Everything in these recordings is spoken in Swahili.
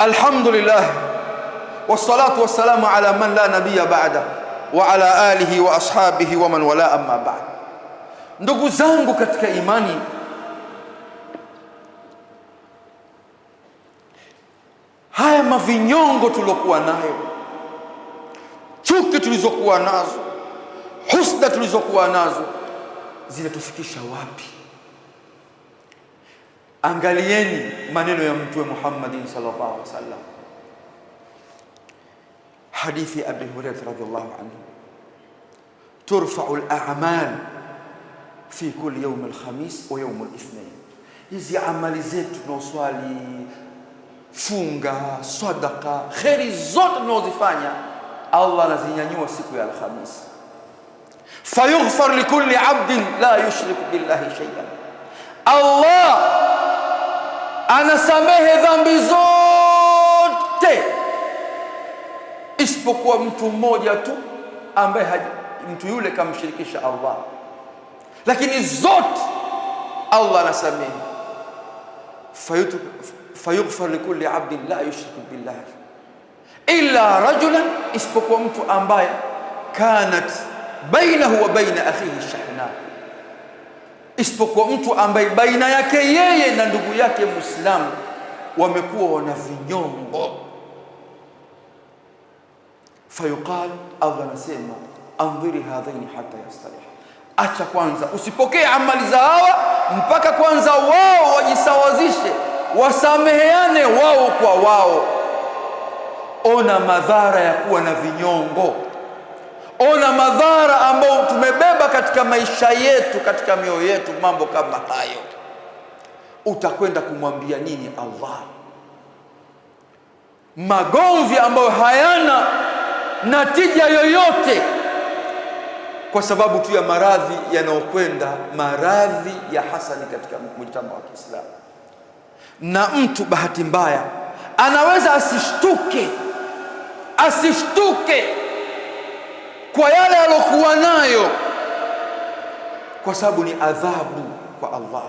alhamdulillah wassalatu wassalamu ala man la nabiyya ba'da wa ala alihi wa ashabihi wa man wala amma ba'd. Ndugu zangu katika imani, haya mavinyongo tuliokuwa nayo, chuki tulizokuwa nazo, husda tulizokuwa nazo, zinatufikisha wapi? Angalieni maneno ya Mtume Muhammadin sallallahu alaihi wasallam, hadithi ya Abi Hurairah radhiyallahu anhu, turfau al-a'mal fi kulli yawm al-khamis wa yawm al-ithnain. Hizi amali zetu tunaoswali, funga, sadaka, kheri zote tunazozifanya Allah anazinyanyua siku ya Alhamisi. fayughfar likulli abdin la yushriku billahi shay'an Allah anasamehe dhambi zote isipokuwa mtu mmoja tu ambaye mtu yule kamshirikisha Allah, lakini zote Allah anasamehe. Fayughfar likulli abdin la yushriku billahi illa rajulan, isipokuwa mtu ambaye kanat bainahu wa baina akhihi shahna isipokuwa mtu ambaye baina yake yeye na ndugu yake Muislamu wamekuwa wana vinyongo. Fayuqal, Allah anasema andhiri hadhaini hata yastalih, acha kwanza, usipokee amali za hawa mpaka kwanza wao wajisawazishe, wasameheane wao kwa wao. Ona madhara ya kuwa na vinyongo. Ona madhara ambayo tumebeba katika maisha yetu, katika mioyo yetu, mambo kama hayo. Utakwenda kumwambia nini Allah? Magomvi ambayo hayana natija yoyote kwa sababu tu ya maradhi yanayokwenda maradhi ya hasani katika mujtama wa Kiislamu. Na mtu bahati mbaya anaweza asishtuke, asishtuke kwa yale alokuwa nayo kwa sababu ni adhabu kwa Allah.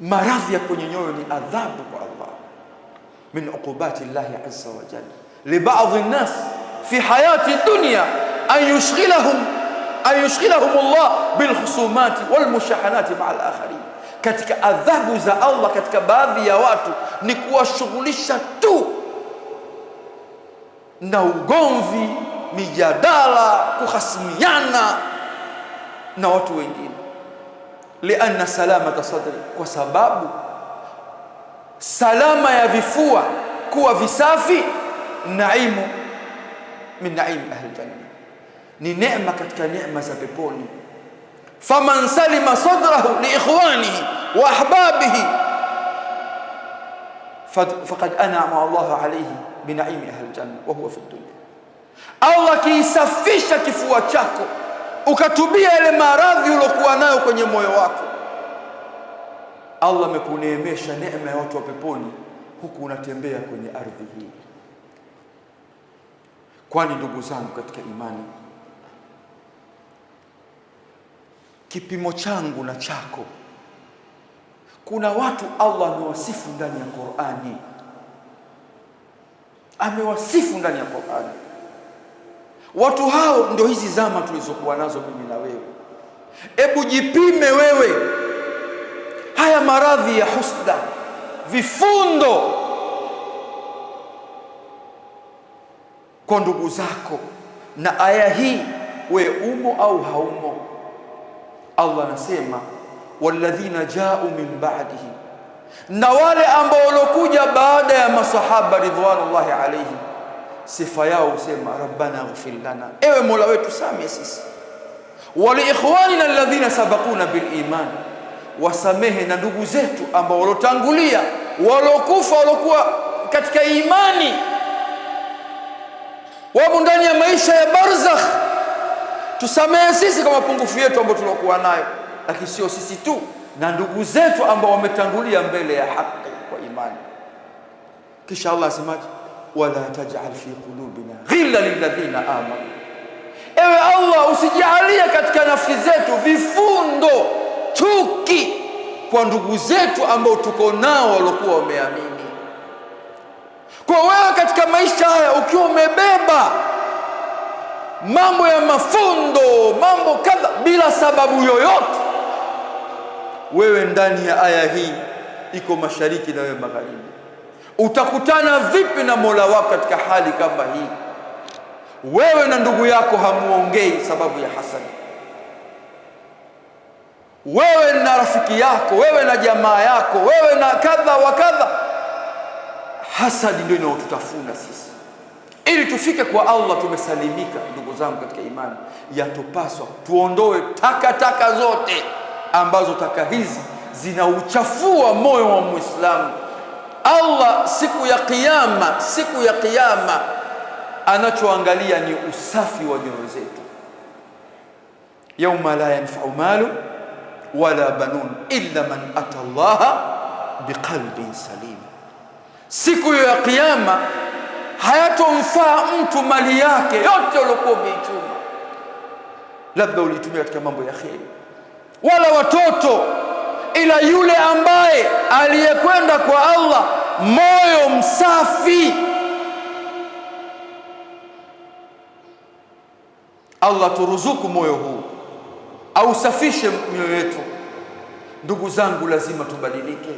Maradhi ya kwenye nyoyo ni adhabu kwa Allah, min uqubati Allah azza wa jalla li an-nas fi hayati dunya an yushghilahum an yushghilahum Allah bil khusumat wal mushahanat maa al alakharin. Katika adhabu za Allah katika baadhi ya watu ni kuwashughulisha tu na ugomvi mijadala kuhasimiana na watu wengine lianna salamata sadri kwa sababu salama ya vifua kuwa visafi naimu min naimu ahli janna ni neema katika neema za peponi faman salima sadrahu liikhwanihi wa ahbabihi faqad anama Allahu alayhi binaimi ahli janna wa huwa fi dunya Allah akiisafisha kifua chako ukatubia yale maradhi uliokuwa nayo kwenye moyo wako, Allah amekuneemesha neema ya watu wa peponi, huku unatembea kwenye ardhi hii. Kwani ndugu zangu katika imani, kipimo changu na chako, kuna watu Allah amewasifu ndani ya Qur'ani, amewasifu ndani ya Qur'ani Watu hao ndio hizi zama tulizokuwa nazo mimi na wewe. ebu jipime wewe, haya maradhi ya husda, vifundo kwa ndugu zako, na aya hii we umo au haumo? Allah anasema walladhina jau min ba'dihi, na wale ambao walokuja baada ya masahaba ridwanullahi alaihim sifa yao husema rabbana ighfir lana, ewe mola wetu samie sisi, wa ikhwanina alladhina sabaquna iman, wasamehe na ndugu zetu ambao walotangulia walokufa walokuwa katika imani, wamo ndani ya maisha ya barzakh. Tusamehe sisi kwa mapungufu yetu ambayo tuliokuwa nayo, lakini sio sisi tu, na ndugu zetu ambao wametangulia mbele ya haki kwa imani. Kisha Allah asemaje? wala taj'al fi qulubina ghilla lilladhina amanu, ewe Allah usijalie katika nafsi zetu vifundo chuki kwa ndugu zetu ambao tuko nao waliokuwa wameamini. Kwa wewe katika maisha haya ukiwa umebeba mambo ya mafundo, mambo kadha bila sababu yoyote, wewe ndani ya aya hii iko mashariki na wewe magharibi Utakutana vipi na Mola wako katika hali kama hii? Wewe na ndugu yako hamuongei sababu ya hasadi, wewe na rafiki yako, wewe na jamaa yako, wewe na kadha wa kadha. Hasadi ndio inayotutafuna sisi. Ili tufike kwa Allah tumesalimika, ndugu zangu katika imani, yatupaswa tuondoe takataka taka zote ambazo taka hizi zinauchafua moyo wa Muislamu. Allah siku ya kiyama, siku ya kiyama anachoangalia ni usafi wa nyoyo zetu. yauma la yanfau malu wala banun illa man ata llaha biqalbin salim. Siku hiyo ya kiyama hayatomfaa mtu mali yake yote aliokuwa umeichuma, labda ulitumia katika mambo ya kheri, wala watoto ila yule ambaye aliyekwenda kwa Allah moyo msafi. Allah turuzuku moyo huu, ausafishe mioyo yetu. Ndugu zangu, lazima tubadilike,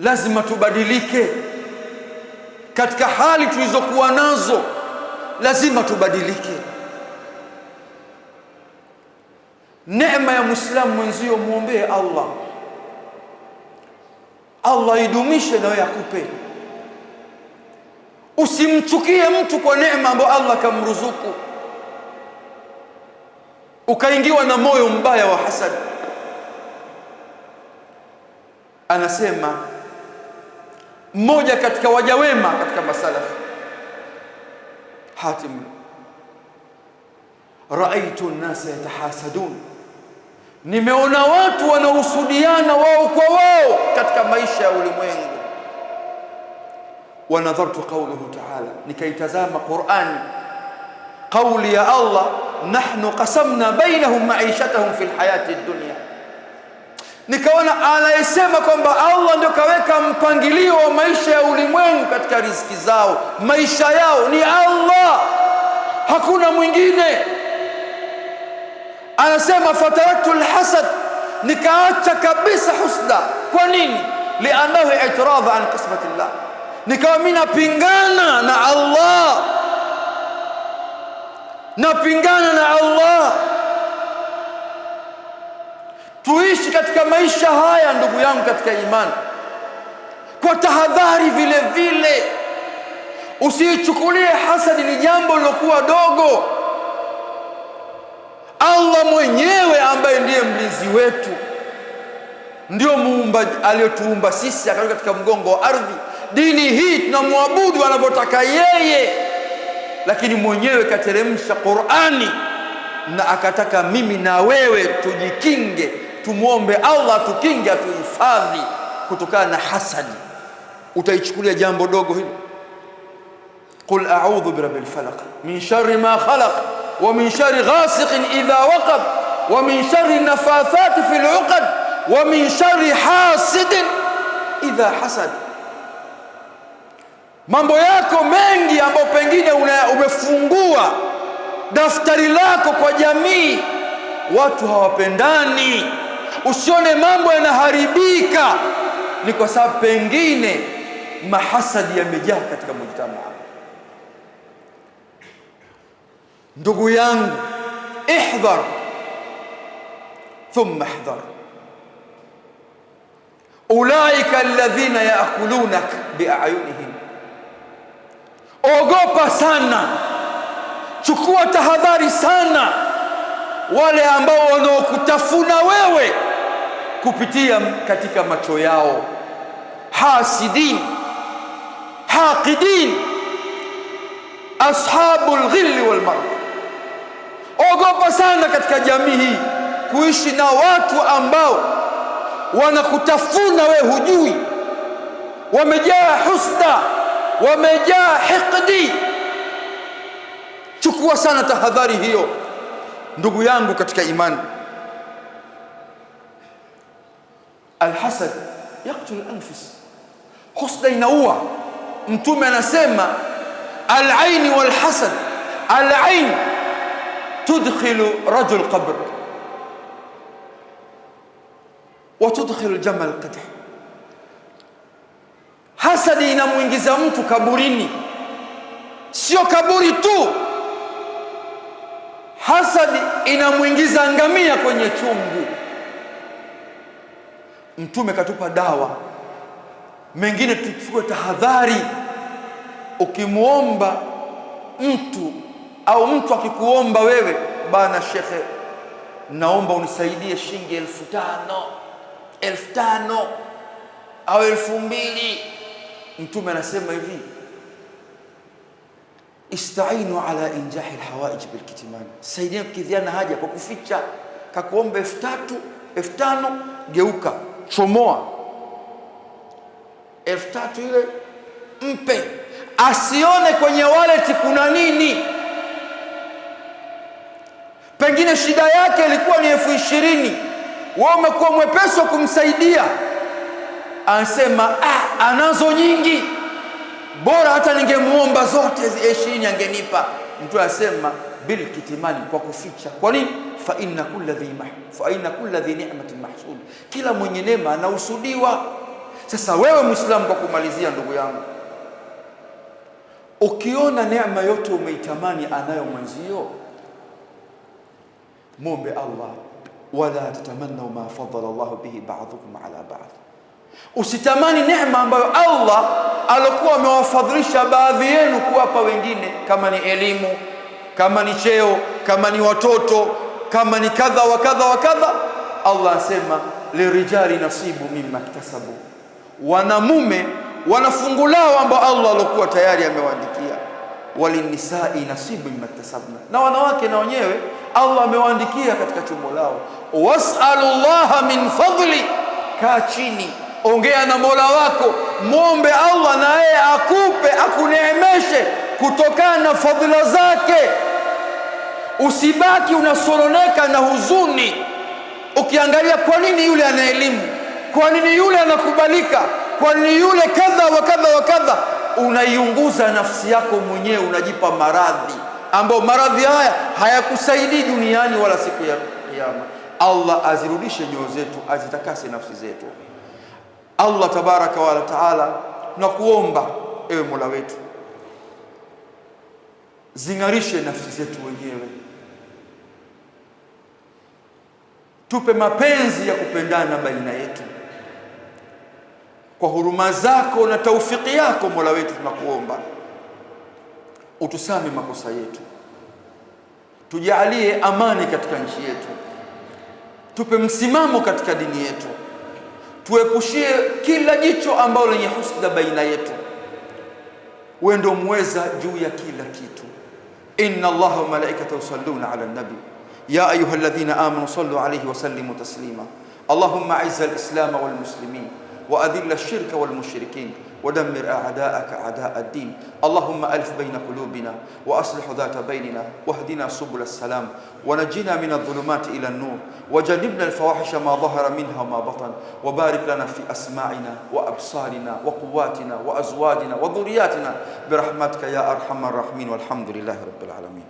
lazima tubadilike katika hali tulizokuwa nazo, lazima tubadilike. neema ya mwislamu mwenzio, mwombee Allah, Allah idumishe nawe akupe. Usimchukie mtu kwa neema ambayo Allah kamruzuku, ukaingiwa na moyo mbaya wa hasad Anasema mmoja katika waja wema katika masalafu, Hatim, raaitu nnasa yatahasadun Nimeona watu wanahusudiana wao kwa wao katika maisha ya ulimwengu. Wanadhartu qawluhu ta'ala, nikaitazama Qur'ani, qauli ya Allah, nahnu qasamna bainahum maishatahum fil hayati dunya. Nikaona anayesema kwamba Allah ndio kaweka mpangilio wa maisha ya ulimwengu katika riziki zao, maisha yao ni Allah, hakuna mwingine anasema fataraktu lhasad, nikaacha kabisa husda. Kwa nini? Liannahu itiradha an qismati llah, nikawa mimi napingana na Allah, napingana na Allah. Tuishi katika maisha haya ndugu yangu katika imani kwa tahadhari, vile vile usiichukulie hasadi ni jambo lilokuwa dogo Allah mwenyewe ambaye ndiye mlinzi wetu, ndio muumba aliyotuumba sisi, akaweka katika mgongo wa ardhi. Dini hii tunamwabudu anavyotaka yeye, lakini mwenyewe kateremsha Qur'ani na akataka mimi na wewe tujikinge, tumwombe Allah tukinge, atuhifadhi kutokana na hasadi. Utaichukulia jambo dogo hili, qul a'udhu birabbil falaq min sharri ma khalaq wa min shari ghasiqin idha waqab wa min shari nafathati al uqad wa min shari hasidin idha hasad. Mambo yako mengi ambayo pengine umefungua daftari lako kwa jamii, watu hawapendani, usione mambo yanaharibika, ni kwa sababu pengine mahasadi yamejaa katika mujtamaa. ndugu yangu ihdhar thumma ihdhar ulaika alladhina yaakulunak biayunihim ogopa sana chukua tahadhari sana wale ambao wanaokutafuna wewe kupitia katika macho yao hasidin haqidin ashabu lghilli walmardi Tunaogopa sana katika jamii hii kuishi na watu ambao wanakutafuna we hujui, wamejaa husda, wamejaa hiqdi. Chukua sana tahadhari hiyo, ndugu yangu katika imani. Alhasad yaktul anfus, husda inaua. Mtume anasema alaini walhasad alaini tudkhilu rajul qabr wa tudkhilu jamal qadh hasadi inamwingiza mtu kaburini sio kaburi tu hasadi inamwingiza ngamia kwenye chungu mtume katupa dawa mengine tuchukue tahadhari ukimwomba mtu au mtu akikuomba wewe, bana shekhe, naomba unisaidie shilingi elfu tano elfu tano au elfu mbili Mtume anasema hivi, istainu ala injahi lhawaij bilkitimani, saidia kukidhiana haja kwa kuficha. Kakuomba elfu tatu elfu tano geuka, chomoa elfu tatu ile mpe, asione kwenye wallet kuna nini pengine shida yake ilikuwa ni elfu ishirini wewe umekuwa mwepesi kumsaidia, anasema ah, anazo nyingi, bora hata ningemuomba zote zi ishirini angenipa. Mtu anasema bil kitimani, kwa kuficha. Kwa nini? fa inna kulla dhi fa inna kulla dhi ni'matin mahsud, kila mwenye neema anahusudiwa. Sasa wewe Muislamu, kwa kumalizia, ndugu yangu, ukiona neema yote umeitamani anayo mwenzio mombe Allah, wala tatamannau ma fadala llahu bihi ba'dhukum ala ba'd, usitamani neema ambayo Allah alikuwa amewafadhilisha baadhi yenu kuwapa wengine, kama ni elimu, kama ni cheo, kama ni watoto, kama ni kadha wa kadha wa kadha. Allah asema lirijali nasibu mimma iktasabu, wanamume wanafungulao ambao Allah alikuwa tayari amewaandikia walinisai nasibu mmaktasabna, na wanawake na wenyewe Allah amewaandikia katika chumbo lao. Wasalu llaha min fadli, kaa chini, ongea na mola wako, mwombe Allah na yeye akupe, akuneemeshe kutokana na fadhila zake. Usibaki unasoroneka na huzuni, ukiangalia kwa nini yule ana elimu, kwa nini yule anakubalika, kwa nini yule kadha wa kadha wa kadha unaiunguza nafsi yako mwenyewe, unajipa maradhi ambayo maradhi haya hayakusaidii duniani wala siku ya Kiyama. Allah azirudishe nyoyo zetu, azitakase nafsi zetu. Allah tabaraka wa taala, tunakuomba ewe Mola wetu, zing'arishe nafsi zetu wenyewe, tupe mapenzi ya kupendana baina yetu kwa huruma zako na taufiki yako Mola wetu, tunakuomba utusame makosa yetu, tujalie amani katika nchi yetu, tupe msimamo katika dini yetu, tuepushie kila jicho ambalo lenye husda baina yetu. Wewe ndio muweza juu ya kila kitu. inna Allaha wa malaikata yusalluna ala nabi ya ayuha alladhina amanu sallu alayhi wa sallimu taslima allahumma aizza alislama wal muslimin وأذل الشرك والمشركين ودمر أعداءك أعداء الدين اللهم ألف بين قلوبنا وأصلح ذات بيننا واهدنا سبل السلام ونجنا من الظلمات إلى النور وجنبنا الفواحش ما ظهر منها وما بطن وبارك لنا في أسماعنا وأبصارنا وقواتنا وأزواجنا وذرياتنا برحمتك يا أرحم الراحمين والحمد لله رب العالمين